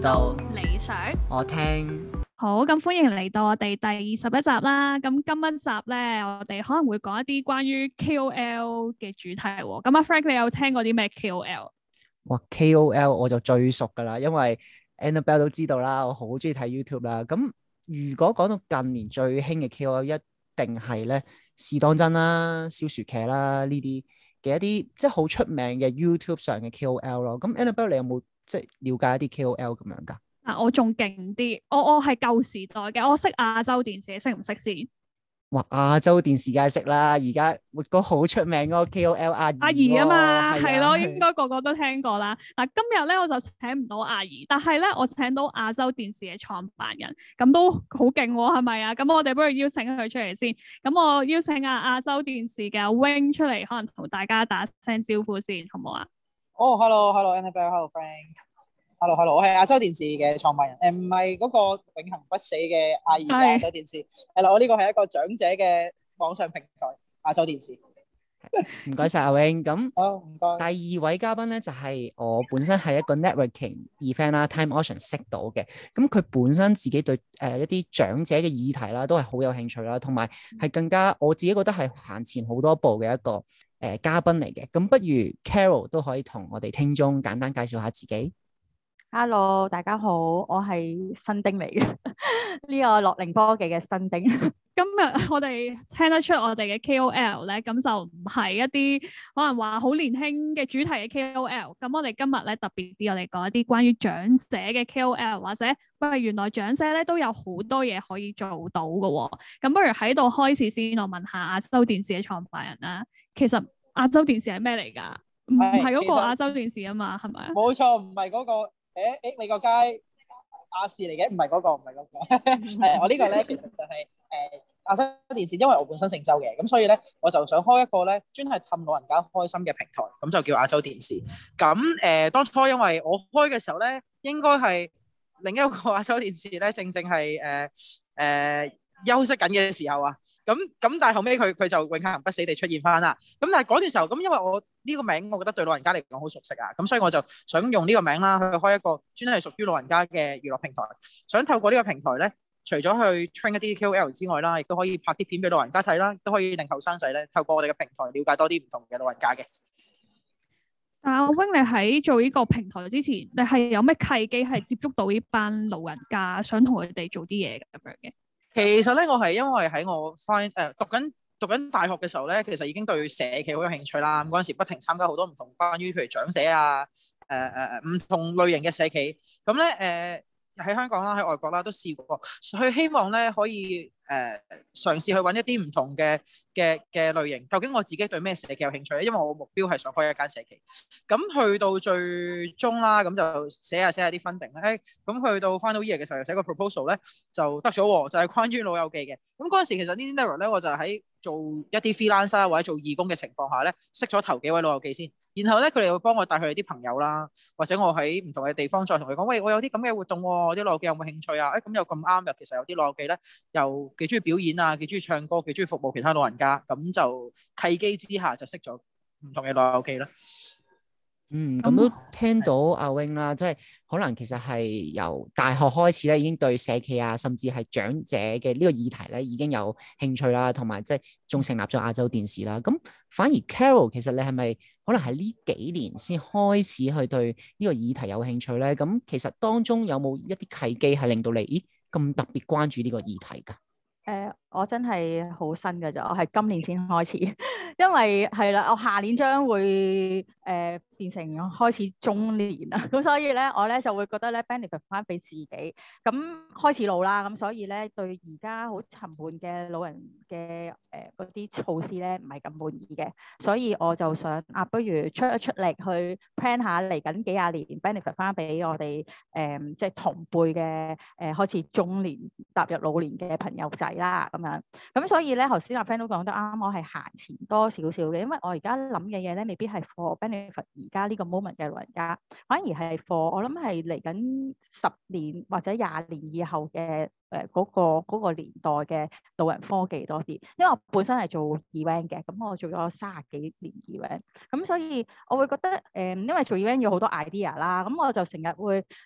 到理想，我聽好咁，歡迎嚟到我哋第二十一集啦。咁今一集咧，我哋可能會講一啲關於 KOL 嘅主題，哦。咁阿、啊、Frank，你有聽過啲咩 KOL？哇，KOL 我就最熟噶啦，因為 Annabelle 都知道啦，我好中意睇 YouTube 啦。咁如果講到近年最興嘅 KOL，一定係咧試當真啦、小薯茄啦呢啲嘅一啲，即係好出名嘅 YouTube 上嘅 KOL 咯。咁 Annabelle，你有冇？即係了解一啲 KOL 咁樣㗎。啊，我仲勁啲，我我係舊時代嘅，我識亞洲電視，識唔識先？哇！亞洲電視梗係識啦，而家活個好出名嗰個 KOL 阿姨、啊、阿怡啊嘛，係咯，應該個個都聽過啦。嗱、啊，今日咧我就請唔到阿怡，但係咧我請到亞洲電視嘅創辦人，咁都好勁喎，係咪啊？咁我哋不如邀請佢出嚟先。咁我邀請阿、啊、亞洲電視嘅 Wing 出嚟，可能同大家打聲招呼先，好唔好啊？哦、oh, hello, hello, Annabelle, hello, Frank. hello hello，我係亞洲電視嘅創辦人，誒唔係嗰個永恒不死嘅阿二嘅電視係啦，唉我呢個係一個長者嘅網上平台亞洲電視，唔該晒阿 wing，咁唔該。Oh, 謝謝。第二位嘉賓咧就係、是、我本身係一個 networking event 啦 ，Time Auction 識到嘅，咁佢本身自己對誒一啲長者嘅議題啦都係好有興趣啦，同埋係更加我自己覺得係行前好多步嘅一個誒嘉賓嚟嘅，咁不如 Carol 都可以同我哋聽眾簡單介紹下自己。Hello，大家好，我係新丁嚟嘅，呢 個樂齡科技嘅新丁。今日我哋聽得出我哋嘅 KOL 咧，咁就唔係一啲可能話好年輕嘅主題嘅 KOL。咁我哋今日咧特別啲，我哋講一啲關於長者嘅 KOL，或者喂，原來長者咧都有好多嘢可以做到噶、哦。咁不如喺度開始先，我問下啊周電視嘅創辦人啦。其實啊周電視係咩嚟噶？唔係嗰個亞洲電視啊嘛，係咪實？冇錯吧，唔係嗰個。誒誒、欸欸，你個街亞視嚟嘅，唔係嗰個，唔係嗰個，係 我呢個咧，其實就係誒亞洲電視，因為我本身姓周嘅，咁所以咧，我就想開一個咧，專係氹老人家開心嘅平台，咁就叫亞洲電視。咁誒、呃，當初因為我開嘅時候咧，應該係另一個亞洲電視咧，正正係誒誒休息緊嘅時候啊。咁咁，但係後尾，佢佢就永恆不死地出現翻啦。咁但係嗰段時候，咁因為我呢個名，我覺得對老人家嚟講好熟悉啊。咁所以我就想用呢個名啦，去開一個專係屬於老人家嘅娛樂平台。想透過呢個平台咧，除咗去 train 一啲 KOL 之外啦，亦都可以拍啲片俾老人家睇啦，都可以令後生仔咧透過我哋嘅平台了解多啲唔同嘅老人家嘅。但阿 Wing，你喺做呢個平台之前，你係有咩契機係接觸到呢班老人家想，想同佢哋做啲嘢咁樣嘅？其實咧，我係因為喺我翻誒、呃、讀緊讀緊大學嘅時候咧，其實已經對社企好有興趣啦。咁嗰陣時不停參加好多唔同關於譬如長社啊，誒誒誒唔同類型嘅社企。咁咧誒。呃喺香港啦，喺外國啦，都試過，所以希望咧可以誒嘗試去搵一啲唔同嘅嘅嘅類型。究竟我自己對咩社企有興趣咧？因為我目標係想開一間社企。咁去到最終啦，咁就寫下寫下啲 funding 咧。咁去到 final year 嘅時候，寫個 proposal 咧就得咗，就係、是、關於老友記嘅。咁嗰陣時其實呢啲 level 咧，我就喺做一啲 freelancer 或者做義工嘅情況下咧，識咗頭幾位老友記先。然後咧，佢哋會幫我帶佢哋啲朋友啦，或者我喺唔同嘅地方再同佢講，喂，我有啲咁嘅活動喎，我啲老友記有冇興趣啊？誒，咁又咁啱，又其實有啲老友記咧，又幾中意表演啊，幾中意唱歌，幾中意服務其他老人家，咁就契機之下就識咗唔同嘅老友記啦。嗯，咁都聽到阿 Wing 啦，即係是可能其實係由大學開始咧，已經對社企啊，甚至係長者嘅呢個議題咧已經有興趣啦，同埋即係仲成立咗啊周電視啦。咁反而 Carol 其實你係咪可能係呢幾年先開始去對呢個議題有興趣咧？咁其實當中有冇一啲契機係令到你咦咁特別關注呢個議題㗎？誒、嗯。我真係好新嘅咋，我係今年先開始，因為係啦，我下年將會誒、呃、變成開始中年啦，咁、嗯、所以咧，我咧就會覺得咧 benefit 翻俾自己，咁、嗯、開始老啦，咁、嗯、所以咧對而家好沉悶嘅老人嘅誒嗰啲措施咧唔係咁滿意嘅，所以我就想啊，不如出一出力去 plan 下嚟緊幾廿年 benefit 翻俾我哋誒即係同輩嘅誒、呃、開始中年踏入老年嘅朋友仔啦。嗯咁、嗯，所以咧，頭先阿 friend 都講得啱，我係行前多少少嘅，因為我而家諗嘅嘢咧，未必係 for benefit 而家呢個 moment 嘅老人家，反而係 for 我諗係嚟緊十年或者廿年以後嘅。誒嗰、呃那個那個年代嘅老人科技多啲，因為我本身係做 event 嘅，咁、嗯、我做咗三十幾年 event，咁、嗯、所以我會覺得誒、呃，因為做 event 要好多 idea 啦，咁、嗯、我就成日會誒喺、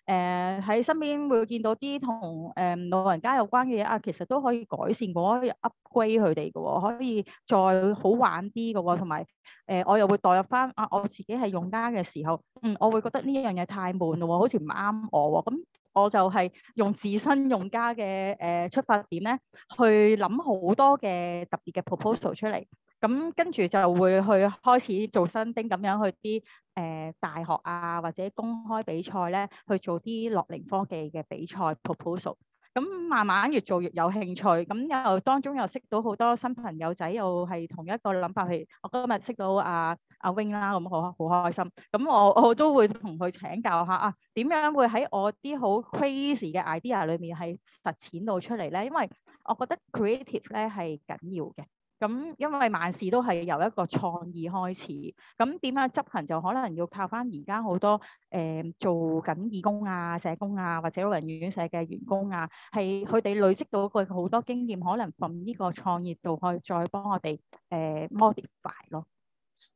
呃、身邊會見到啲同誒老人家有關嘅嘢啊，其實都可以改善我 upgrade 佢哋嘅喎、哦，可以再好玩啲嘅喎，同埋誒我又會代入返啊我自己係用家嘅時候，嗯，我會覺得呢一樣嘢太悶咯、哦，好似唔啱我喎、哦，咁、嗯。我就係用自身用家嘅誒出發點咧，去諗好多嘅特別嘅 proposal 出嚟，咁跟住就會去開始做新丁，咁樣去啲誒大學啊，或者公開比賽咧，去做啲樂齡科技嘅比賽 proposal。咁慢慢越做越有興趣，咁又當中又識到好多新朋友仔，又係同一個諗法。譬如我今日識到阿阿 Wing 啦，咁好開好開心。咁我我都會同佢請教下啊，點樣會喺我啲好 crazy 嘅 idea 裏面係實踐到出嚟咧？因為我覺得 creative 咧係緊要嘅。咁，因為萬事都係由一個創意開始。咁點樣，執行就可能要靠翻而家好多誒、呃、做緊義工啊、社工啊，或者老人院社嘅員工啊，係佢哋累積到佢好多經驗，可能從呢個創業度去再幫我哋誒、呃、modify 咯。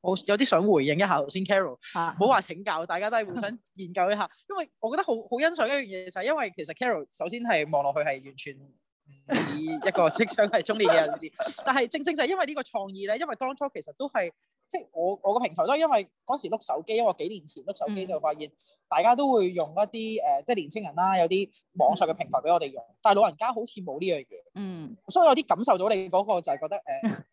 我有啲想回應一下頭先 Carol，唔好話請教，大家都係互相研究一下。因為我覺得好好欣賞一樣嘢就係，因為其實 Carol 首先係望落去係完全。以 一個即將係中年嘅人士， 但係正正就係因為個創呢個創意咧，因為當初其實都係即係我我個平台都係因為嗰時碌手機，因為幾年前碌手機就發現大家都會用一啲誒、呃、即係年青人啦、啊，有啲網上嘅平台俾我哋用，但係老人家好似冇呢樣嘢，嗯， 所以我啲感受到你嗰個就係覺得誒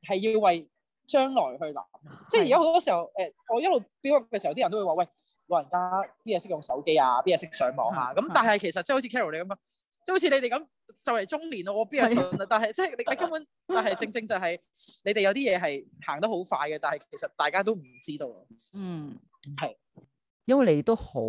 係、呃、要為將來去諗， 即係而家好多時候誒、呃、我一路 build 嘅時候，啲人都會話喂，老人家邊日識用手機啊，邊日識上網啊，咁 但係其實即係好似 Carol 你咁樣。即好似你哋咁就嚟中年咯，我邊有信啊？的但係即係你你根本， 但係正正就係、是、你哋有啲嘢係行得好快嘅，但係其實大家都唔知道嗯，係的，因為你哋都好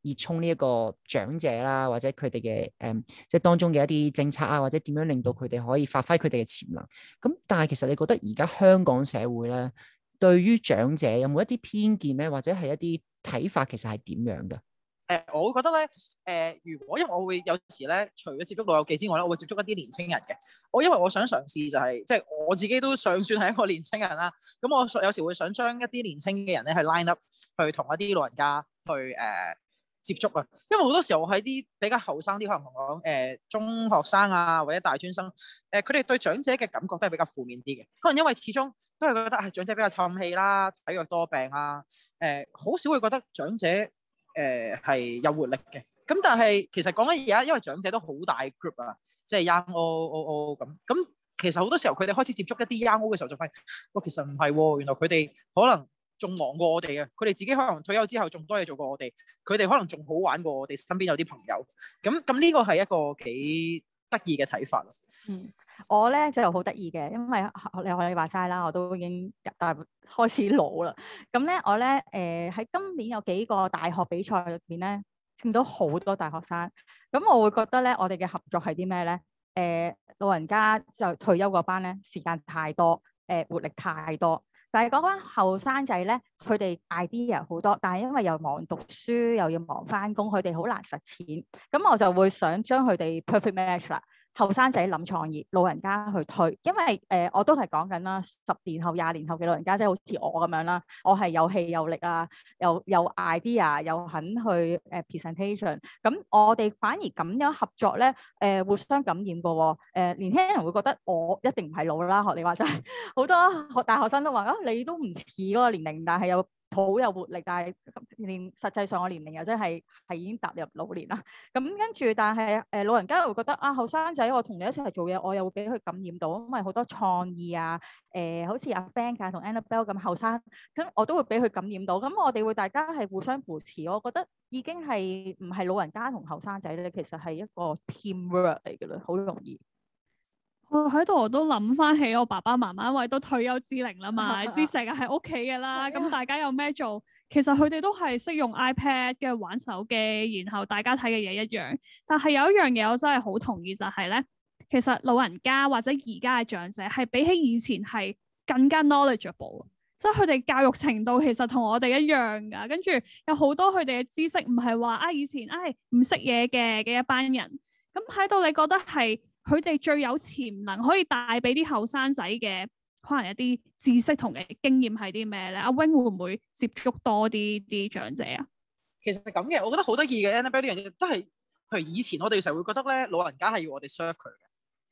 熱衷呢一個長者啦，或者佢哋嘅誒，即、嗯、係、就是、當中嘅一啲政策啊，或者點樣令到佢哋可以發揮佢哋嘅潛能。咁但係其實你覺得而家香港社會咧，對於長者有冇一啲偏見咧，或者係一啲睇法，其實係點樣嘅？誒、呃，我會覺得咧，誒、呃，如果因為我會有時咧，除咗接觸老友記之外咧，我會接觸一啲年青人嘅。我因為我想嘗試就係、是，即係我自己都尚算係一個年青人啦。咁、嗯、我有時會想將一啲年青嘅人咧去 line up，去同一啲老人家去誒、呃、接觸啊。因為好多時候我喺啲比較後生啲，可能同我講誒中學生啊，或者大專生，誒佢哋對長者嘅感覺都係比較負面啲嘅。可能因為始終都係覺得係、呃、長者比較沉氣啦，體弱多病啊，誒、呃、好少會覺得長者。誒係、呃、有活力嘅，咁但係其實講緊而家，因為長者都好大 group 啊，即係 young old old 咁。咁其實好多時候佢哋開始接觸一啲 young old 嘅時候，就發現，喂、哦，其實唔係喎，原來佢哋可能仲忙過我哋啊，佢哋自己可能退休之後仲多嘢做過我哋，佢哋可能仲好玩過我哋身邊有啲朋友。咁咁呢個係一個幾得意嘅睇法。嗯。我咧就好得意嘅，因為我你我你話齋啦，我都已經大開始老啦。咁咧我咧誒喺今年有幾個大學比賽入邊咧，見到好多大學生。咁我會覺得咧，我哋嘅合作係啲咩咧？誒、呃，老人家就退休嗰班咧，時間太多，誒、呃，活力太多。但係嗰班後生仔咧，佢哋 idea 好多，但係因為又忙讀書，又要忙翻工，佢哋好難實踐。咁我就會想將佢哋 perfect match 啦。後生仔諗創業，老人家去推，因為誒、呃、我都係講緊啦，十年後、廿年後嘅老人家即係好似我咁樣啦，我係有氣有力啊，又有，有 idea，又肯去誒 presentation。咁我哋反而咁樣合作咧，誒、呃、互相感染過、哦。誒、呃、年輕人會覺得我一定唔係老啦，學你話齋，好 多學大學生都話啊，你都唔似嗰個年齡，但係有……」好有活力，但係年實際上我年齡又真係係已經踏入老年啦。咁 跟住，但係誒、呃、老人家又會覺得啊，後生仔我同你一齊做嘢，我又會俾佢感染到，因為好多創意啊，誒、呃、好似阿 Ben 同 Annabelle 咁後生，咁我都會俾佢感染到。咁我哋會大家係互相扶持，我覺得已經係唔係老人家同後生仔咧，其實係一個 teamwork 嚟嘅喇，好容易。喺度我，我都諗翻起我爸爸媽媽，因為都退休之齡啦嘛，啲成日喺屋企嘅啦，咁 大家有咩做？其實佢哋都係識用 iPad 嘅，玩手機，然後大家睇嘅嘢一樣。但係有一樣嘢我真係好同意，就係咧，其實老人家或者而家嘅長者係比起以前係更加 knowledgeable，即係佢哋教育程度其實同我哋一樣噶，跟住有好多佢哋嘅知識唔係話啊以前唉唔識嘢嘅嘅一班人。咁喺度你覺得係？佢哋最有潛能可以帶俾啲後生仔嘅可能一啲知識同嘅經驗係啲咩咧？阿 Wing 會唔會接觸多啲啲長者啊？其實係咁嘅，我覺得好得意嘅。NBA 呢樣嘢真係，譬如以前我哋成日會覺得咧，老人家係要我哋 serve 佢嘅，誒、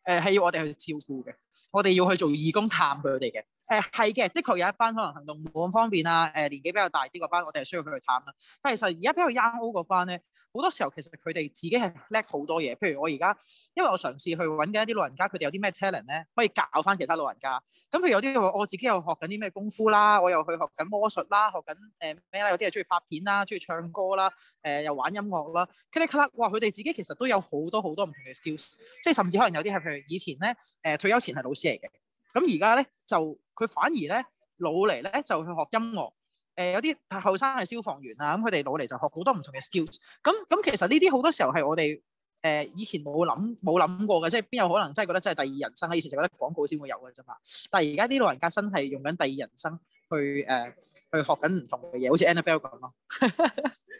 呃、係要我哋去照顧嘅，我哋要去做義工探佢哋嘅。誒係嘅，的確有一班可能行動冇咁方便啊。誒、呃、年紀比較大啲嗰班，我哋係需要佢去探啦。但係其實而家比較 young old 嗰班咧，好多時候其實佢哋自己係叻好多嘢。譬如我而家，因為我嘗試去搵緊一啲老人家，佢哋有啲咩 talent 咧？可以教翻其他老人家。咁譬如有啲我自己又學緊啲咩功夫啦，我又去學緊魔術啦，學緊誒咩咧？有啲係中意拍片啦，中意唱歌啦，誒、呃、又玩音樂啦，哇！佢哋自己其實都有好多好多唔同嘅 skills，即係甚至可能有啲係譬如以前咧，誒、呃、退休前係老師嚟嘅，咁而家咧就。佢反而咧，老嚟咧就去學音樂，誒、呃、有啲後生係消防員啊，咁佢哋老嚟就學好多唔同嘅 skills。咁咁其實呢啲好多時候係我哋誒、呃、以前冇諗冇諗過嘅，即係邊有可能真係覺得真係第二人生咧？以前就覺得廣告先會有嘅啫嘛。但係而家啲老人家真係用緊第二人生去誒、呃、去學緊唔同嘅嘢，好似 Annabelle 講咯。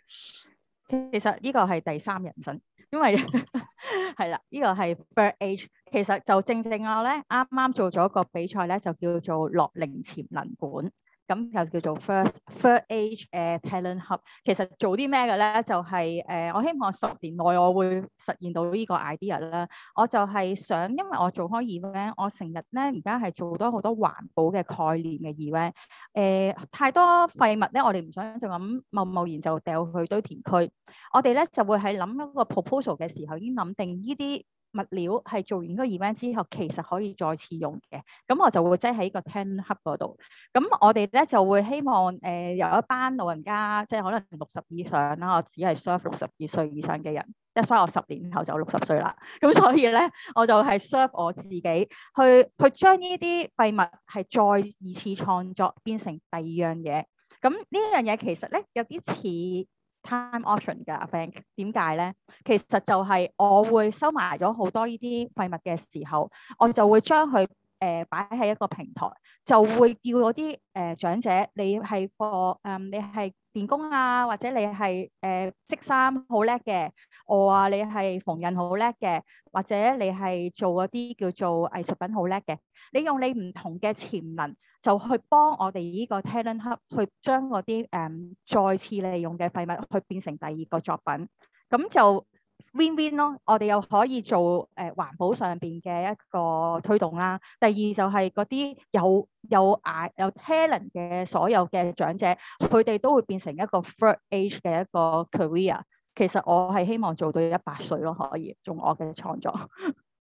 其實呢個係第三人生。因為係啦，呢、 這個係 Bird Age，其實就正正我呢啱啱做咗個比賽呢，就叫做樂齡潛能館。咁又叫做 First Third Age 誒、uh, Talent Hub，其實做啲咩嘅咧？就係、是、誒，uh, 我希望十年內我會實現到呢個 idea 啦。我就係想，因為我做開 event，我成日咧而家係做多好多環保嘅概念嘅 event、呃。誒，太多廢物咧，我哋唔想就咁貿貿然就掉去堆填區。我哋咧就會喺諗一個 proposal 嘅時候已經諗定呢啲。物料係做完個 event 之後，其實可以再次用嘅，咁我就會擠喺個 pen 盒嗰度。咁我哋咧就會希望誒、呃、有一班老人家，即係可能六十以上啦。我只係 serve 六十二歲以上嘅人。即所以我十年後就六十歲啦。咁所以咧，我就係 serve 我自己，去去將呢啲廢物係再二次創作，變成第二樣嘢。咁呢樣嘢其實咧有啲似。time option 㗎阿 Frank 點解咧？其實就係我會收埋咗好多呢啲廢物嘅時候，我就會將佢誒擺喺一個平台。就會叫嗰啲誒長者，你係個誒、嗯，你係電工啊，或者你係誒織衫好叻嘅，我話你係縫紉好叻嘅，或者你係做嗰啲叫做藝術品好叻嘅，你用你唔同嘅潛能，就去幫我哋呢個 talent hub 去將嗰啲誒再次利用嘅廢物去變成第二個作品，咁就，Win Win 咯，我哋又可以做誒、呃、環保上邊嘅一個推動啦。第二就係嗰啲有有眼有 talent 嘅所有嘅長者，佢哋都會變成一個 third age 嘅一個 career。其實我係希望做到一百歲咯，可以做我嘅創作。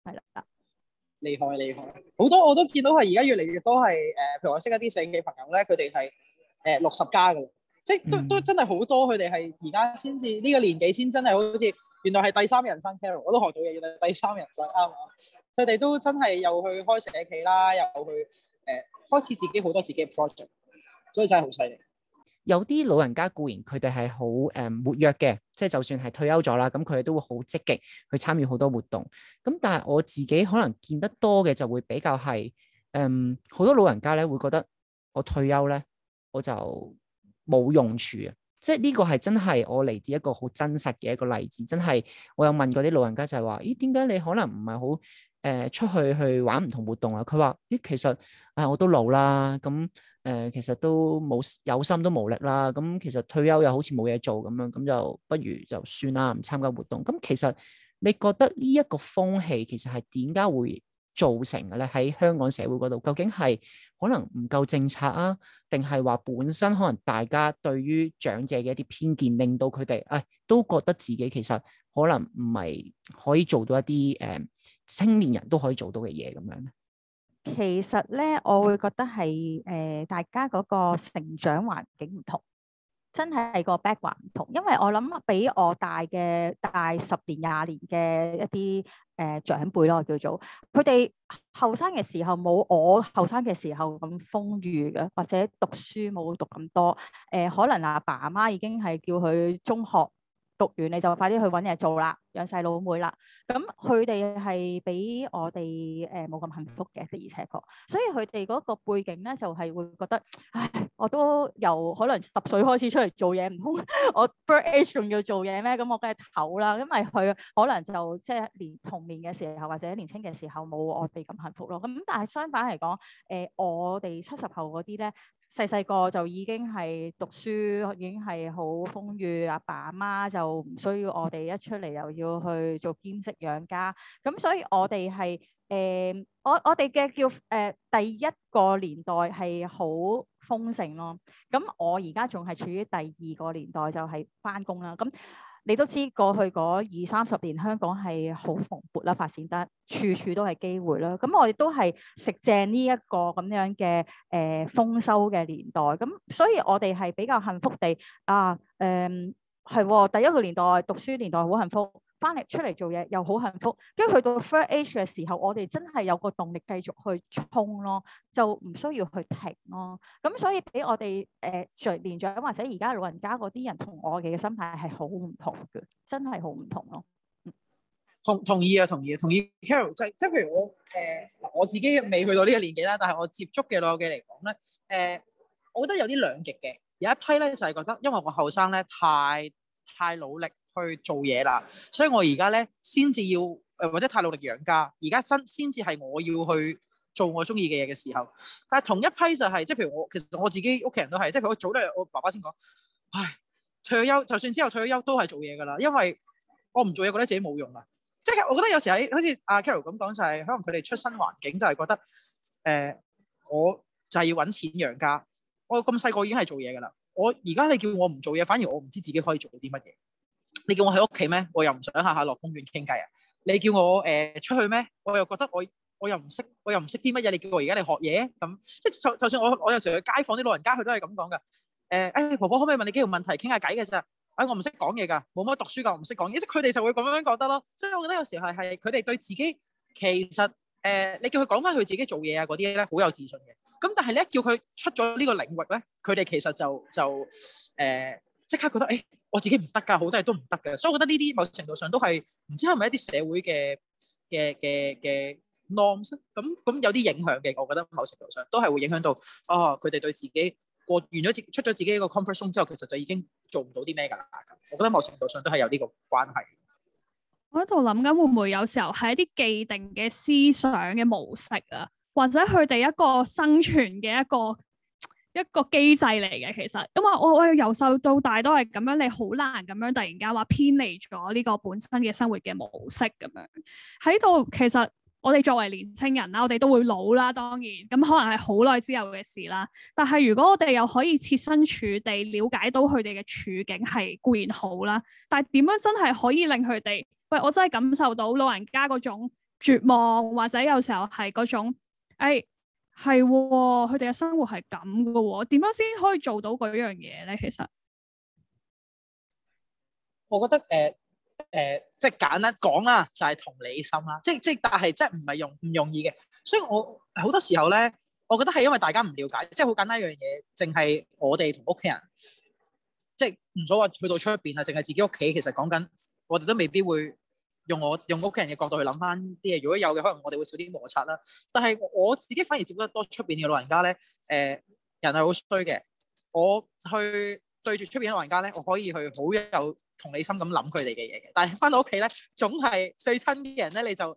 係 啦的，厲害厲害！好多我都見到係而家越嚟越多係誒、呃，譬如我識一啲社企朋友咧，佢哋係誒六十加噶啦，即係都、嗯、都真係好多佢哋係而家先至呢個年紀先真係好似～原來係第三人生，Carol 我都學到嘢。原來第三人生啱啊！佢哋都真係又去開社企啦，又去誒、呃、開始自己好多自己嘅 project，所以真係好犀利。有啲老人家固然佢哋係好誒活躍嘅，即、就、係、是、就算係退休咗啦，咁佢哋都會好積極去參與好多活動。咁但係我自己可能見得多嘅就會比較係誒好多老人家咧會覺得我退休咧我就冇用處啊！即係呢個係真係我嚟自一個好真實嘅一個例子，真係我有問過啲老人家就係話：咦，點解你可能唔係好誒出去去玩唔同活動啊？佢話：咦，其實啊，我都老啦，咁、嗯、誒、呃，其實都冇有，有心都冇力啦，咁、嗯、其實退休又好似冇嘢做咁樣，咁就不如就算啦，唔參加活動。咁、嗯、其實你覺得呢一個風氣其實係點解會造成嘅咧，喺香港社會嗰度，究竟係可能唔夠政策啊，定係話本身可能大家對於長者嘅一啲偏見，令到佢哋誒都覺得自己其實可能唔係可以做到一啲誒、嗯、青年人都可以做到嘅嘢咁樣咧。其實咧，我會覺得係誒、呃、大家嗰個成長環境唔同，真係個 background 唔同。因為我諗比我大嘅大十年、廿年嘅一啲。誒、呃、長輩咯，叫做佢哋後生嘅時候冇我後生嘅時候咁豐裕嘅，或者讀書冇讀咁多。誒、呃，可能阿爸阿媽，媽已經係叫佢中學。讀完你就快啲去揾嘢做啦，養細佬妹啦。咁佢哋係比我哋誒冇咁幸福嘅，的而且確。所以佢哋嗰個背景咧，就係、是、會覺得，唉，我都由可能十歲開始出嚟做嘢，唔通我 birth age 仲要做嘢咩？咁我梗係唞啦。因為佢可能就即係年童年嘅時候或者年青嘅時候冇我哋咁幸福咯。咁但係相反嚟講，誒、呃、我哋七十後嗰啲咧。細細個就已經係讀書，已經係好豐裕。阿爸阿媽就唔需要我哋一出嚟又要去做兼職養家。咁所以我哋係誒，我我哋嘅叫誒、呃，第一個年代係好豐盛咯。咁我而家仲係處於第二個年代就，就係返工啦。咁。你都知過去嗰二三十年香港係好蓬勃啦，發展得處處都係機會啦。咁我哋都係食正呢一個咁樣嘅誒、呃、豐收嘅年代，咁所以我哋係比較幸福地啊誒，係、嗯、第一個年代讀書年代好幸福。翻嚟出嚟做嘢又好幸福，跟住去到 third age 嘅時候，我哋真係有個動力繼續去衝咯，就唔需要去停咯。咁、嗯、所以俾我哋誒隨年長或者而家老人家嗰啲人我同我哋嘅心態係好唔同嘅，真係好唔同咯。同同意啊，同意啊，同意。Carol、就是、即即譬如我誒、呃、我自己未去到呢個年紀啦，但係我接觸嘅老友記嚟講咧，誒、呃、我覺得有啲兩極嘅，有一批咧就係、是、覺得因為我後生咧太太努力，去做嘢啦，所以我而家咧先至要誒、呃、或者太努力養家，而家真先至係我要去做我中意嘅嘢嘅時候。但係同一批就係、是、即係譬如我其實我自己屋企人都係，即係我早都有我爸爸先講，唉，退休就算之後退休都係做嘢噶啦，因為我唔做嘢覺得自己冇用啦。即係我覺得有時喺好似阿 Carol 咁講就係、是，可能佢哋出身環境就係覺得誒、呃，我就係要揾錢養家。我咁細個已經係做嘢噶啦，我而家你叫我唔做嘢，反而我唔知自己可以做到啲乜嘢。你叫我喺屋企咩？我又唔想下下落公園傾偈啊！你叫我誒、呃、出去咩？我又覺得我我又唔識我又唔識啲乜嘢。你叫我而家嚟學嘢咁，即係就就算我我有時去街坊啲老人家，佢都係咁講噶。誒、呃、誒、哎，婆婆可唔可以問你幾條問題傾下偈嘅咋？誒、哎，我唔識講嘢噶，冇乜讀書噶，我唔識講嘢。即係佢哋就會咁樣覺得咯。所以我覺得有時係係佢哋對自己其實誒、呃，你叫佢講返佢自己做嘢啊嗰啲咧，好有自信嘅。咁但係咧，叫佢出咗呢個領域咧，佢哋其實就就誒即、呃、刻覺得誒。哎哎哎我自己唔得噶，好多嘢都唔得噶，所以我覺得呢啲某程度上都係唔知係咪一啲社會嘅嘅嘅嘅 norms，咁咁有啲影響嘅。我覺得某程度上都係會影響到，哦，佢哋對自己過完咗出出咗自己一個 comfort zone 之後，其實就已經做唔到啲咩噶啦。我覺得某程度上都係有呢個關係。我喺度諗緊會唔會有時候係一啲既定嘅思想嘅模式啊，或者佢哋一個生存嘅一個一個機制嚟嘅，其實因為我我由細到大都係咁樣，你好難咁樣突然間話偏離咗呢個本身嘅生活嘅模式咁樣喺度。其實我哋作為年青人啦，我哋都會老啦，當然咁可能係好耐之後嘅事啦。但係如果我哋又可以設身處地了解到佢哋嘅處境係固然好啦，但係點樣真係可以令佢哋，喂，我真係感受到老人家嗰種絕望，或者有時候係嗰種、哎係，佢哋嘅生活係咁噶，點樣先可以做到嗰樣嘢咧？其實我、呃呃我，我覺得誒誒，即係簡單講啦，就係同理心啦，即係即係，但係即係唔係容唔容易嘅，所以我好多時候咧，我覺得係因為大家唔了解，即係好簡單一樣嘢，淨係我哋同屋企人，即係唔所謂去到出邊啊，淨係自己屋企，其實講緊，我哋都未必會。用我用屋企人嘅角度去諗翻啲嘢，如果有嘅，可能我哋會少啲摩擦啦。但係我自己反而接得多出邊嘅老人家咧，誒、呃、人係好衰嘅。我去對住出邊嘅老人家咧，我可以去好有同理心咁諗佢哋嘅嘢嘅。但係翻到屋企咧，總係最親啲嘅人咧，你就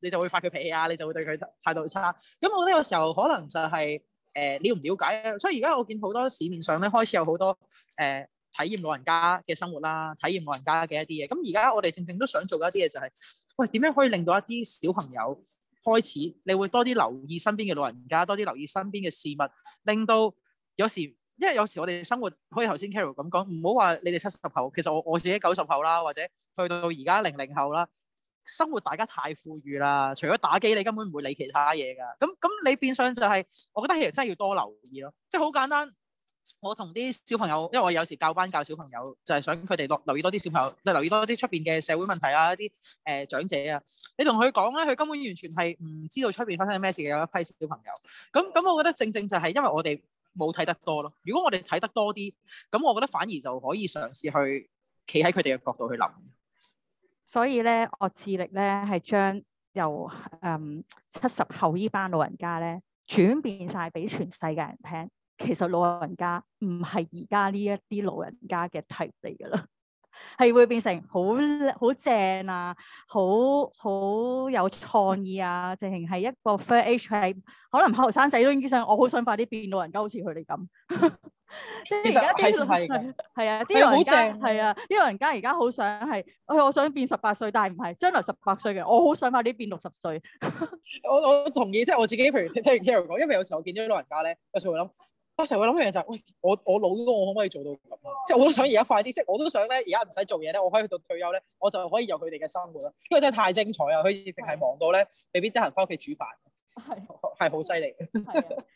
你就會發佢脾氣啊，你就會對佢態度差。咁我覺得有時候可能就係、是、誒、呃、了唔了解，所以而家我見好多市面上咧開始有好多誒。呃體驗老人家嘅生活啦，體驗老人家嘅一啲嘢。咁而家我哋正正都想做一啲嘢就係，喂，點樣可以令到一啲小朋友開始，你會多啲留意身邊嘅老人家，多啲留意身邊嘅事物，令到有時，因為有時我哋生活，好似頭先 Carol 咁講，唔好話你哋七十後，其實我我自己九十後啦，或者去到而家零零後啦，生活大家太富裕啦，除咗打機你根本唔會理其他嘢噶。咁咁你變相就係，我覺得其實真係要多留意咯，即係好簡單。我同啲小朋友，因為我有時教班教小朋友，就係、是、想佢哋落留意多啲小朋友，即係留意多啲出邊嘅社會問題啊，一啲誒、呃、長者啊。你同佢講咧，佢根本完全係唔知道出邊發生咩事嘅有一批小朋友。咁咁，我覺得正正就係因為我哋冇睇得多咯。如果我哋睇得多啲，咁我覺得反而就可以嘗試去企喺佢哋嘅角度去諗。所以咧，我智力咧係將由誒、嗯、七十後呢班老人家咧轉變晒俾全世界人聽。其實老人家唔係而家呢一啲老人家嘅 type 嚟㗎啦，係會變成好好正啊，好好有創意啊，直情係一個 fair age，係可能後生仔都已經想我好想快啲變老人家，好似佢哋咁。 即其實係係係啊，啲老人家好正啊，啲老人家而家好想係，我想變十八歲，但係唔係將來十八歲嘅，我好想快啲變六十歲。 我我同意，即係我自己，譬如聽完 Carol 講，因為有時候我見到啲老人家咧，有時會諗。我成日會諗一樣就係，喂，我我老咗我可唔可以做到咁啊？即係我都想而家快啲，即係我都想咧，而家唔使做嘢咧，我可以去到退休咧，我就可以有佢哋嘅生活啦。因為真係太精彩啊！可以直係忙到咧，未必得閒翻屋企煮飯，係係好犀利。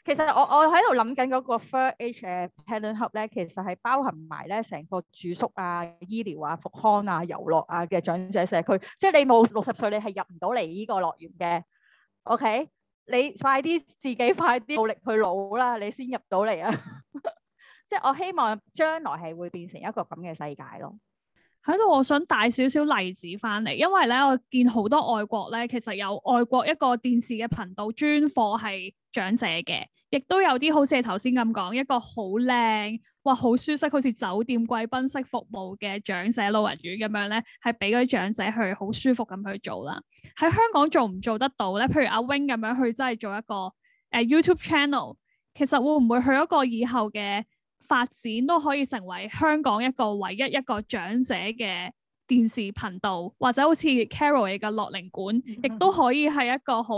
其實我我喺度諗緊嗰個 Third Age Talent Hub 咧，其實係包含埋咧成個住宿啊、醫療啊、復康啊、遊樂啊嘅長者社區。即係你冇六十歲，你係入唔到嚟呢個樂園嘅。OK。你快啲自己快啲努力去努啦，你先入到嚟啊！ 即係我希望將來係會變成一個咁嘅世界咯。喺度，我想帶少少例子翻嚟，因為咧，我見好多外國咧，其實有外國一個電視嘅頻道專課係長者嘅，亦都有啲好似你頭先咁講，一個好靚，哇，好舒適，好似酒店貴賓式服務嘅長者老人院咁樣咧，係俾嗰啲長者去好舒服咁去做啦。喺香港做唔做得到咧？譬如阿 Wing 咁樣去真係做一個誒、呃、YouTube channel，其實會唔會去一個以後嘅？發展都可以成為香港一個唯一一個長者嘅電視頻道，或者好似 Carol 嘅樂齡館，亦都可以係一個好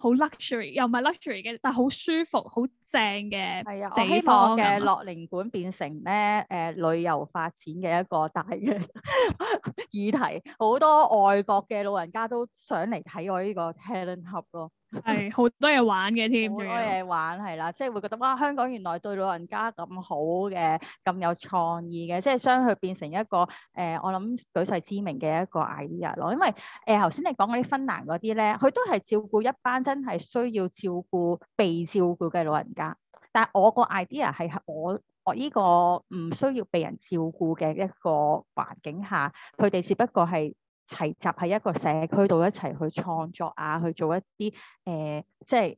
好 luxury 又唔係 luxury 嘅，但係好舒服、好正嘅。係啊，我希望嘅樂齡館變成咧誒、呃、旅遊發展嘅一個大嘅 議題，好多外國嘅老人家都想嚟睇我呢個 Talent Hub 咯是。係好 多嘢玩嘅添，好多嘢玩係啦，即係會覺得哇、啊！香港原來對老人家咁好嘅，咁有創意嘅，即係將佢變成一個誒、呃，我諗舉世知名嘅一個 idea 咯。因為誒頭先你講嗰啲芬蘭嗰啲咧，佢都係照顧一班。真係需要照顧被照顧嘅老人家，但係我，我，我個 idea 係我我呢個唔需要被人照顧嘅一個環境下，佢哋只不過係齊集喺一個社區度一齊去創作啊，去做一啲誒、呃、即係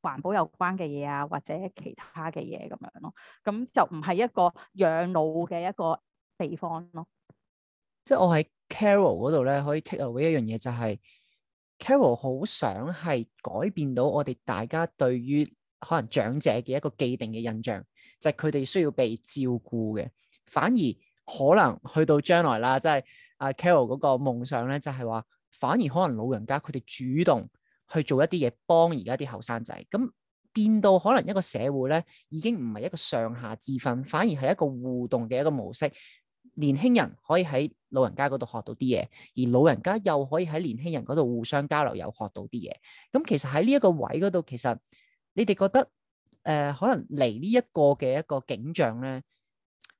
環保有關嘅嘢啊，或者其他嘅嘢咁樣咯。咁就唔係一個養老嘅一個地方咯。即係我喺 Carol 嗰度咧，可以 take away 一樣嘢就係、係。Carol 好想係改變到我哋大家對於可能長者嘅一個既定嘅印象，就係佢哋需要被照顧嘅。反而可能去到將來啦，即係阿 Carol 嗰個夢想咧，就係話反而可能老人家佢哋主動去做一啲嘢幫而家啲後生仔，咁變到可能一個社會咧已經唔係一個上下之分，反而係一個互動嘅一個模式。年輕人可以喺老人家嗰度學到啲嘢，而老人家又可以喺年輕人嗰度互相交流，又學到啲嘢。咁其實喺呢一個位嗰度，其實你哋覺得誒、呃，可能嚟呢一個嘅一個景象咧，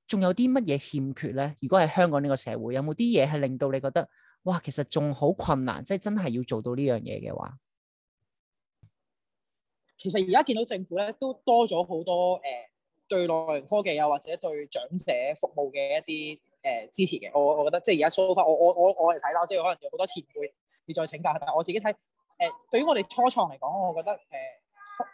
仲有啲乜嘢欠缺咧？如果係香港呢個社會，有冇啲嘢係令到你覺得哇，其實仲好困難，即係真係要做到呢樣嘢嘅話？其實而家見到政府咧，都多咗好多誒、呃，對老人科技又或者對長者服務嘅一啲。誒、呃，支持嘅，我我覺得即係而家 show 翻我我我我嚟睇啦，即係、so、可能有好多前輩要再請教，但係我自己睇，誒、呃，對於我哋初創嚟講，我覺得誒、呃、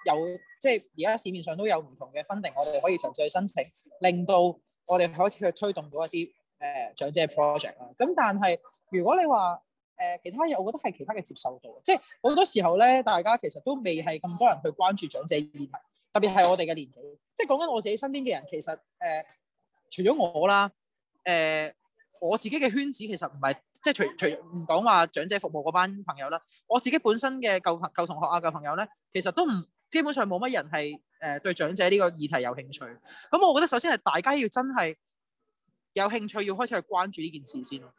有，即係而家市面上都有唔同嘅分定，我哋可以純去申請，令到我哋開始去推動到一啲誒、呃、長者 project 啦。咁但係如果你話誒、呃、其他嘢，我覺得係其他嘅接受到，即係好多時候咧，大家其實都未係咁多人去關注長者議題，特別係我哋嘅年紀，即係講緊我自己身邊嘅人，其實誒、呃、除咗我啦。誒、呃、我自己嘅圈子其實唔係即係除除唔講話長者服務嗰班朋友啦，我自己本身嘅舊朋舊同學啊舊朋友咧，其實都唔基本上冇乜人係誒、呃、對長者呢個議題有興趣。咁我覺得首先係大家要真係有興趣，要開始去關注呢件事先咯。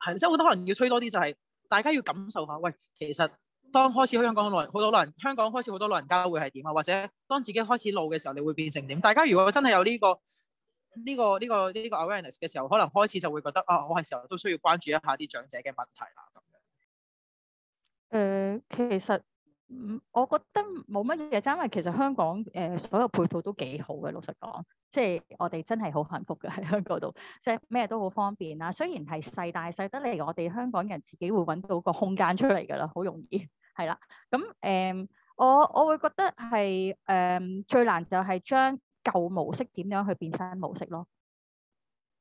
係，即係好多可能要推多啲就係、是、大家要感受下，喂，其實當開始喺香港好多、多老人，香港開始好多老人家會係點啊？或者當自己開始老嘅時候，你會變成點？大家如果真係有呢、這個。呢、這個呢個呢個 Awareness 嘅時候，可能開始就會覺得啊，我係時候都需要關注一下啲長者嘅問題啦咁樣。誒、呃，其實我覺得冇乜嘢，因為其實香港誒、呃、所有配套都幾好嘅，老實講，即、就、係、是、我哋真係好幸福嘅喺香港度，即係咩都好方便啦。雖然係細，但係細得嚟我哋香港人自己會揾到個空間出嚟㗎啦，好容易係啦。咁誒、嗯，我我會覺得係誒、嗯、最難就係將。舊模式點樣去變新模式咯？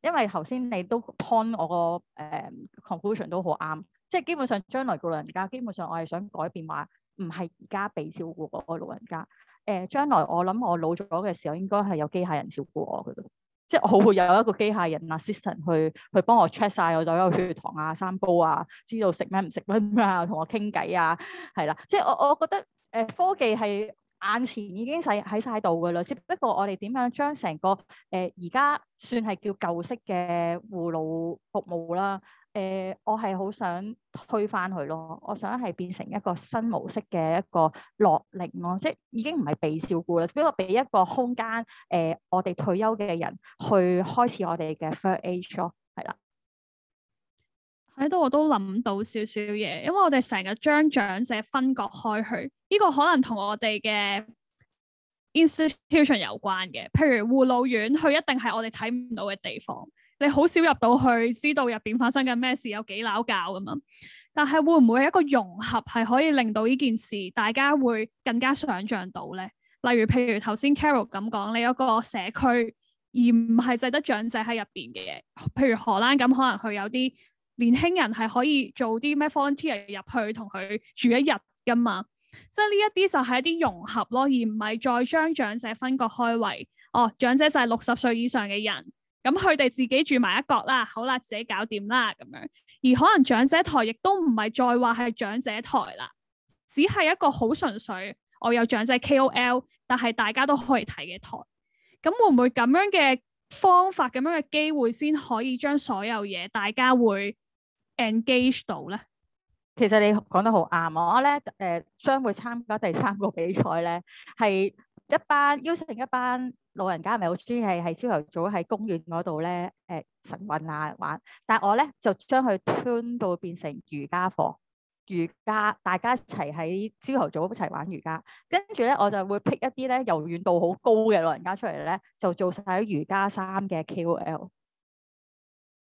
因為頭先你都 point 我個誒 conclusion 都好啱，即係基本上將來個老人家，基本上我係想改變話，唔係而家俾照顧嗰個老人家。誒、呃，將來我諗我老咗嘅時候，應該係有機械人照顧我嘅，即係我會有一個機械人 assistant 去去幫我 check 晒、啊、我左邊血糖啊、三高啊，知道食咩唔食乜啊，同我傾偈啊，係啦，即係我我覺得誒、呃、科技係。眼前已經曬喺晒度㗎喇，只不過我哋點樣將成個誒而家算係叫舊式嘅護老服務啦，誒、呃、我係好想推翻去咯，我想係變成一個新模式嘅一個樂齡咯，即係已經唔係被照顧啦，只不過俾一個空間誒、呃、我哋退休嘅人去開始我哋嘅 third age 咯，係啦。睇到我都諗到少少嘢，因為我哋成日將長者分割開去，呢個可能同我哋嘅 institution 有關嘅。譬如護老院，佢一定係我哋睇唔到嘅地方，你好少入到去，知道入邊發生緊咩事，有幾鬧交咁樣？但係會唔會一個融合係可以令到呢件事大家會更加想象到咧？例如譬如頭先 Carol 咁講，你有個社區，而唔係淨得長者喺入邊嘅嘢。譬如荷蘭咁，可能佢有啲。年輕人係可以做啲咩 volunteer 入去同佢住一日㗎嘛？即係呢一啲就係一啲融合咯，而唔係再將長者分割開位。哦，長者就係六十歲以上嘅人，咁佢哋自己住埋一角啦，好啦，自己搞掂啦咁樣。而可能長者台亦都唔係再話係長者台啦，只係一個好純粹我有長者 KOL，但係大家都可以睇嘅台。咁會唔會咁樣嘅方法、咁樣嘅機會先可以將所有嘢大家會？Engaged 到咧，其實你講得好啱。我咧誒、呃、將會參加第三個比賽咧，係一班，尤其另一班老人家，係咪好中意係喺朝頭早喺公園嗰度咧誒晨運啊玩？但係我咧就將佢 turn 到變成瑜伽課，瑜伽大家一齊喺朝頭早一齊玩瑜伽。跟住咧，我就會 pick 一啲咧柔軟度好高嘅老人家出嚟咧，就做曬瑜伽衫嘅 KOL。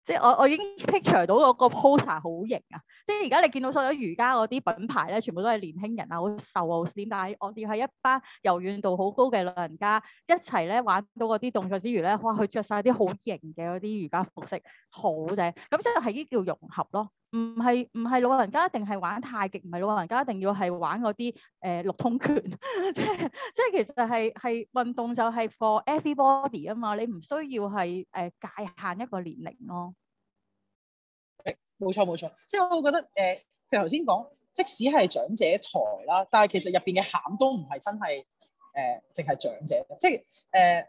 即係我我已經 picture 到嗰個 pose 好型啊！即係而家你見到所有瑜伽嗰啲品牌咧，全部都係年輕人啊，好瘦啊，點但係我哋係一班柔軟度好高嘅老人家一齊咧玩到嗰啲動作之餘咧，哇！佢着晒啲好型嘅嗰啲瑜伽服飾，好正！咁即係已經叫融合咯。唔係唔係老人家，一定係玩太極，唔係老人家一定要係玩嗰啲誒六通拳，即係即係其實係係運動就係 for everybody 啊嘛，你唔需要係誒、呃、界限一個年齡咯。哦。冇錯冇錯。即係我會覺得誒，頭先講即使係長者台啦，但係其實入邊嘅餡都唔係真係誒淨係長者，即係誒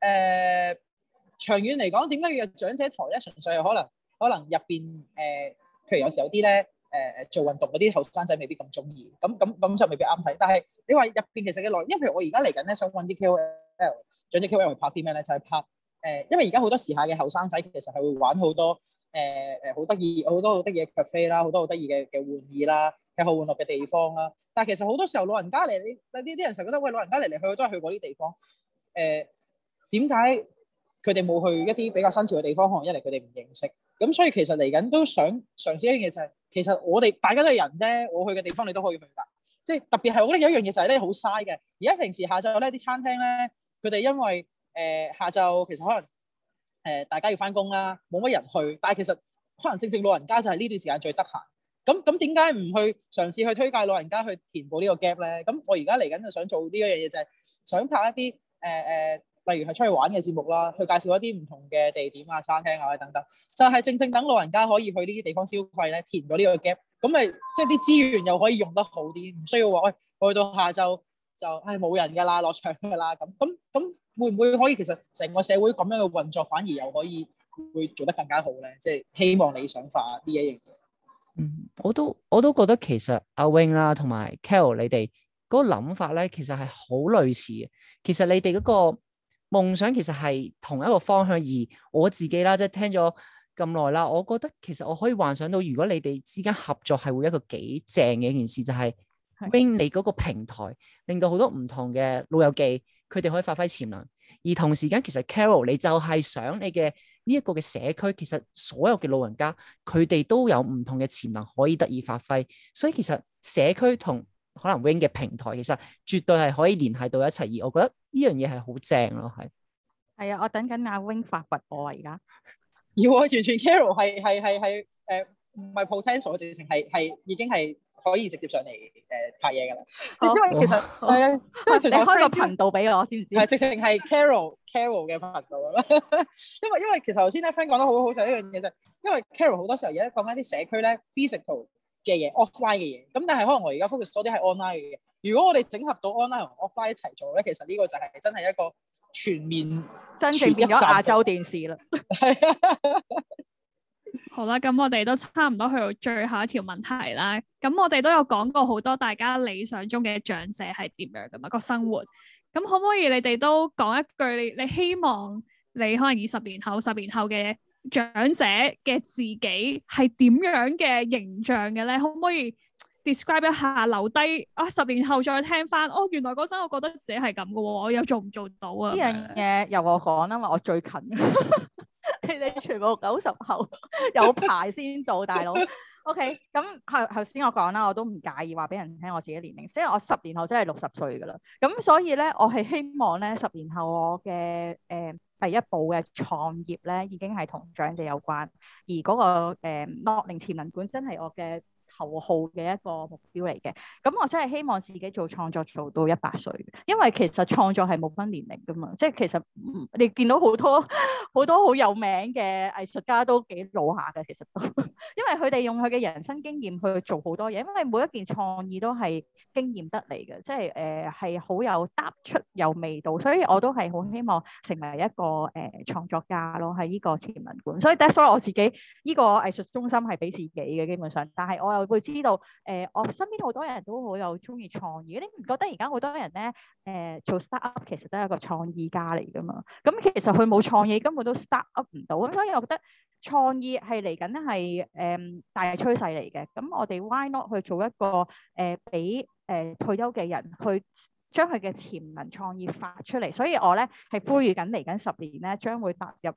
誒長遠嚟講，點解要有長者台咧？純粹可能可能入邊誒。呃譬如有時有啲咧，誒、呃、誒做運動嗰啲後生仔未必咁中意，咁咁咁就未必啱睇。但係你話入邊其實嘅內，因為譬如我而家嚟緊咧，想揾啲 KOL，想啲 KOL 去拍啲咩咧，就係、是、拍誒、呃，因為而家好多時下嘅後生仔其實係會玩好多誒誒好得意好多好得意嘅 cafe 啦，好多好得意嘅嘅玩意啦，係好玩樂嘅地方啦。但係其實好多時候老人家嚟，呢呢啲人成日覺得喂，老人家嚟嚟去都去都係去嗰啲地方，誒點解佢哋冇去一啲比較新潮嘅地方？可能一嚟佢哋唔認識。咁所以其實嚟緊都想嘗試一樣嘢就係、是，其實我哋大家都係人啫，我去嘅地方你都可以去啦。即、就、係、是、特別係我覺得有一樣嘢就係咧好嘥嘅。而家平時下晝有呢啲餐廳咧，佢哋因為誒、呃、下晝其實可能誒、呃、大家要翻工啦，冇乜人去。但係其實可能正正老人家就係呢段時間最得閒。咁咁點解唔去嘗試去推介老人家去填補個呢個 gap 咧？咁我而家嚟緊就想做呢一樣嘢就係想拍一啲誒誒。呃呃例如係出去玩嘅節目啦，去介紹一啲唔同嘅地點啊、餐廳啊等等，就係、是、正正等老人家可以去呢啲地方消費咧，填咗呢個 gap，咁咪即係啲資源又可以用得好啲，唔需要話喂，去、哎、到下晝就唉冇、哎、人㗎啦，落場㗎啦咁，咁咁會唔會可以其實成個社會咁樣嘅運作反而又可以會做得更加好咧？即、就、係、是、希望理想化啲嘢。嗯，我都我都覺得其實阿 Wing 啦同埋 Carol 你哋嗰、那個諗法咧，其實係好類似嘅。其實你哋嗰、那個。夢想其實係同一個方向，而我自己啦，即係聽咗咁耐啦，我覺得其實我可以幻想到，如果你哋之間合作係會一個幾正嘅一件事，就係 Wing 你嗰個平台，令到好多唔同嘅老友記佢哋可以發揮潛能，而同時間其實 Carol，你就係想你嘅呢一個嘅社區，其實所有嘅老人家佢哋都有唔同嘅潛能可以得以發揮，所以其實社區同可能 Wing 嘅平台其實絕對係可以聯繫到一齊，而我覺得呢樣嘢係好正咯，係。係啊，我等緊阿 Wing 發掘我啊，而家。而我完全 Carol 係，係係係誒，唔係、呃、potential 直情係係已經係可以直接上嚟誒拍嘢㗎啦。因為其實係啊，即係你開個頻道俾我先知。唔係，直情係 Carol Carol 嘅頻道啦。 因為因為其實頭先阿 friend 講得好好，就係呢樣嘢就係因為 Carol 好多時候而家講緊啲社區咧 physical。呢嘅嘢，offline 嘅嘢，咁但係可能我而家 focus 多啲係 online 嘅嘢。如果我哋整合到 online 同 offline 一齊做咧，其實呢個就係真係一個全面真正變咗亞洲電視啦。係啊。 好啦，咁我哋都差唔多去到最後一條問題啦。咁我哋都有講過好多大家理想中嘅長者係點樣嘅嘛，一個生活。咁可唔可以你哋都講一句你你希望你可能二十年後、十年後嘅長者嘅自己係點樣嘅形象嘅咧？可唔可以 describe 一下？留低啊，十年後再聽翻，哦，原來嗰陣我覺得自己係咁嘅喎，我又做唔做到啊？呢樣嘢由我講啦。嘛，我最近， 你哋全部九十後， 有排先到 大佬。OK，咁後後先我講啦，我都唔介意話俾人聽我自己年齡，即然我十年後真係六十歲㗎啦。咁所以咧，我係希望咧，十年後我嘅誒。呃第一步嘅創業咧，已經係同長者有關，而嗰、那個誒樂、嗯、齡潛能本身係我嘅。頭號嘅一個目標嚟嘅，咁我真係希望自己做創作做到一百歲，因為其實創作係冇分年齡噶嘛，即係其實你見到好多好多好有名嘅藝術家都幾老下嘅，其實都，因為佢哋用佢嘅人生經驗去做好多嘢，因為每一件創意都係經驗得嚟嘅，即係誒係好有突出有味道，所以我都係好希望成為一個誒、呃、創作家咯，喺呢個前文館，所以 that’s why 我自己呢、這個藝術中心係俾自己嘅基本上，但係我又。會知道誒、呃，我身邊好多人都好有鍾意創意。你唔覺得而家好多人咧誒、呃、做 startup 其實都係一個創意家嚟噶嘛？咁其實佢冇創意根本都 startup 唔到。咁所以我覺得創意係嚟緊係誒大趨勢嚟嘅。咁我哋 why not 去做一個誒俾誒退休嘅人去將佢嘅潛能創意發出嚟？所以我咧係呼籲緊嚟緊十年咧將會踏入。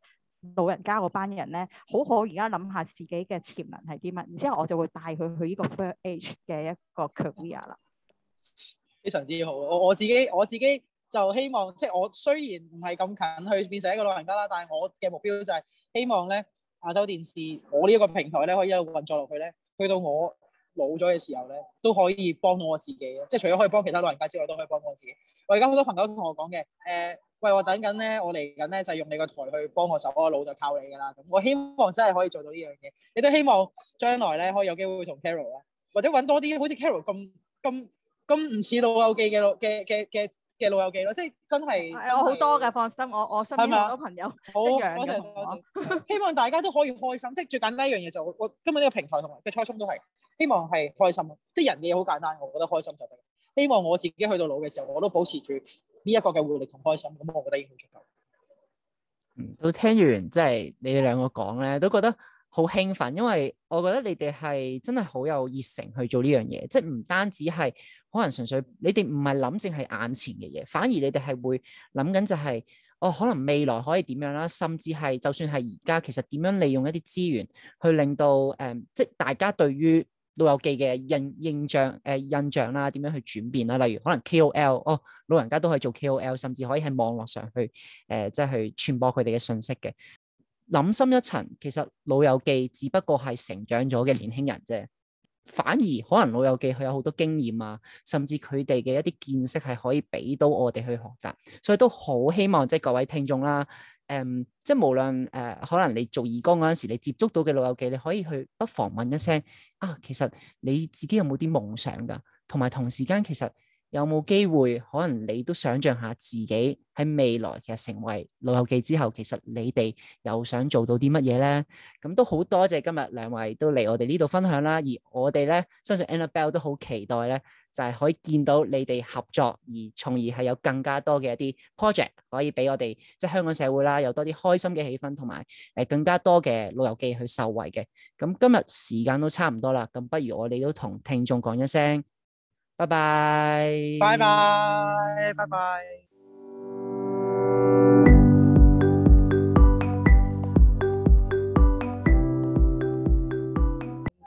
老人家嗰班人咧，好好而家諗下自己嘅潛能係啲乜，然之後我就會帶佢去呢個 third age 嘅一個 career 啦。非常之好，我我自己我自己就希望，即係我雖然唔係咁近去變成一個老人家啦，但係我嘅目標就係希望咧，亞洲電視我呢一個平台咧可以一路運作落去咧，去到我老咗嘅時候咧，都可以幫到我自己嘅，即係除咗可以幫其他老人家之外，都可以幫到我自己。我而家好多朋友都同我講嘅，誒、呃。喂，我等緊咧，我嚟緊咧，就用你個台去幫我手，我老豆就靠你噶啦。咁我希望真係可以做到呢樣嘢，亦都希望將來咧可以有機會同 Carol 啊，或者搵多啲好似 Carol 咁咁咁唔似老友記嘅老嘅嘅嘅嘅老友記咯，即係真係。係、哎、我好多嘅，放心，我我身邊好吧多朋友好多我樣多我，希望大家都可以開心，即係最簡單一樣嘢就我，今日呢個平台同埋嘅初衷都係希望係開心，即係、就是、人嘅嘢好簡單，我覺得開心就得。希望我自己去到老嘅時候，我都保持住。 呢一個嘅活力同開心，咁我覺得已經好足夠。嗯，都聽完即係、就是、你哋兩個講咧，都覺得好興奮，因為我覺得你哋係真係好有熱誠去做呢樣嘢，即係唔單止係可能純粹你哋唔係諗淨係眼前嘅嘢，反而你哋係會諗緊就係、是，哦，可能未來可以點樣啦，甚至係就算係而家，其實點樣利用一啲資源去令到誒、嗯，即係大家對於。老友記嘅印印象誒、呃、印象啦、啊，點樣去轉變啦、啊？例如可能 KOL 哦，老人家都可以做 KOL，甚至可以喺網絡上去誒、呃，即係去傳播佢哋嘅信息嘅。諗深一層，其實老友記只不過係成長咗嘅年輕人啫，反而可能老友記佢有好多經驗啊，甚至佢哋嘅一啲見識係可以俾到我哋去學習，所以都好希望即係各位聽眾啦。誒，um, 即係無論誒、呃，可能你做義工嗰陣時，你接觸到嘅老友記，你可以去不妨問一聲啊，其實你自己有冇啲夢想㗎？同埋同時間其實。有冇機會？可能你都想象下自己喺未來嘅成為老友記之後，其實你哋又想做到啲乜嘢咧？咁都好多謝今日兩位都嚟我哋呢度分享啦。而我哋咧，相信 Annabelle 都好期待咧，就係、是、可以見到你哋合作，而從而係有更加多嘅一啲 project 可以俾我哋即係香港社會啦，有多啲開心嘅氣氛，同埋誒更加多嘅老友記去受惠嘅。咁今日時間都差唔多啦，咁不如我哋都同聽眾講一聲。拜拜！拜拜！拜拜！